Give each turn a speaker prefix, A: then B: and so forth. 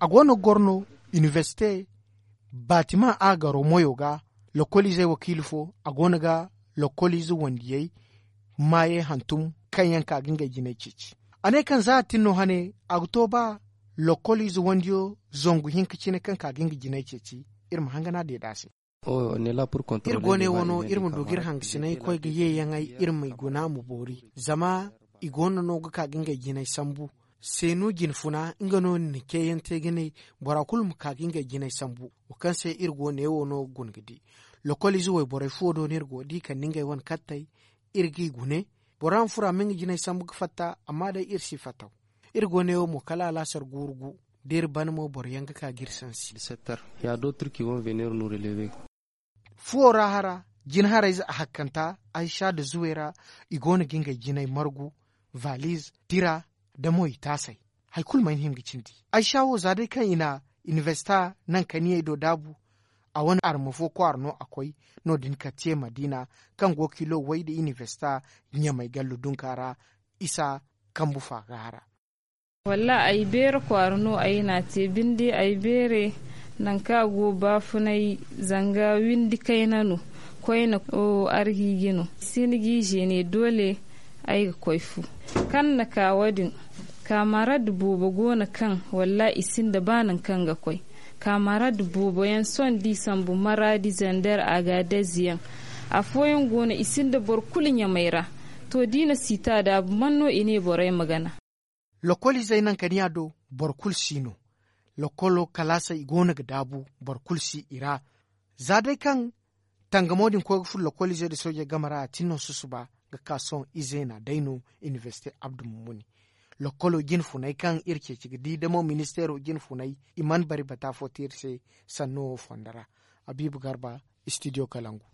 A: a gono gorno université batima garo moyo ga lokoli zai wakili fo a gono ga lokoli zu wandi yai maye hantum kan yanka ginga gine cici ane kan za tinno hane agto ba lokoli zu wandiyo zongu hinka cine kan ka ginga gine cici irma hangana da dase Oh, ne la pour contrôler irgone wono irmu dogir hangsinai koy ge ye yangai irmu guna mu bori zama igono no ga ginga gine sambu senu gin funa ngano ni keyente gine borakul mukak inga gine sambu ukanse irgo ne wono gungidi lokoli zuwe bore fuodo nirgo di kan ninga wan kattai irgi gune boran fura mingi gine sambu fatta amma da irsi fataw irgo ne wo mukala la sar gurgu der banmo bor yanga ka girsan si sector ya d'autres qui vont venir nous relever fuora hara jin hara iz hakanta aisha da zuwera igona ginga ginai margu valise tira da moi sai hai kul main him di ai shawo dai kan ina investa nan kaniye do dabu a wani armufo ko arno akwai no din katie madina kan go kilo wai da investa nya mai gallu dunkara isa kan bufa gara
B: walla ai ber ko arno ai na ce bindi ai bere nan ka go funai zanga windi kai nanu kainanu na o arhi gino sinigi ne dole ai koifu kan na kawadin kamarad bobo gona kan walla isin da banan kan ga kwai kamarad bobo yan son di sambu maradi zandar da a foyan gona isin da ya maira to dina sita da abu manno ine bore magana lokoli zainan nan kaniya do borkul sino lokolo kalasa igona ga dabu
A: borkul si ira zadai kan tangamodin ko fu lokoli zai da soje gamara a tinno susu ba ga kason izena daino university abdul mumuni lokkolo jin funay kan irke cigi mo ministéro jin funay iman bari bata fotirse sanno fondara abibu garba studio kalangu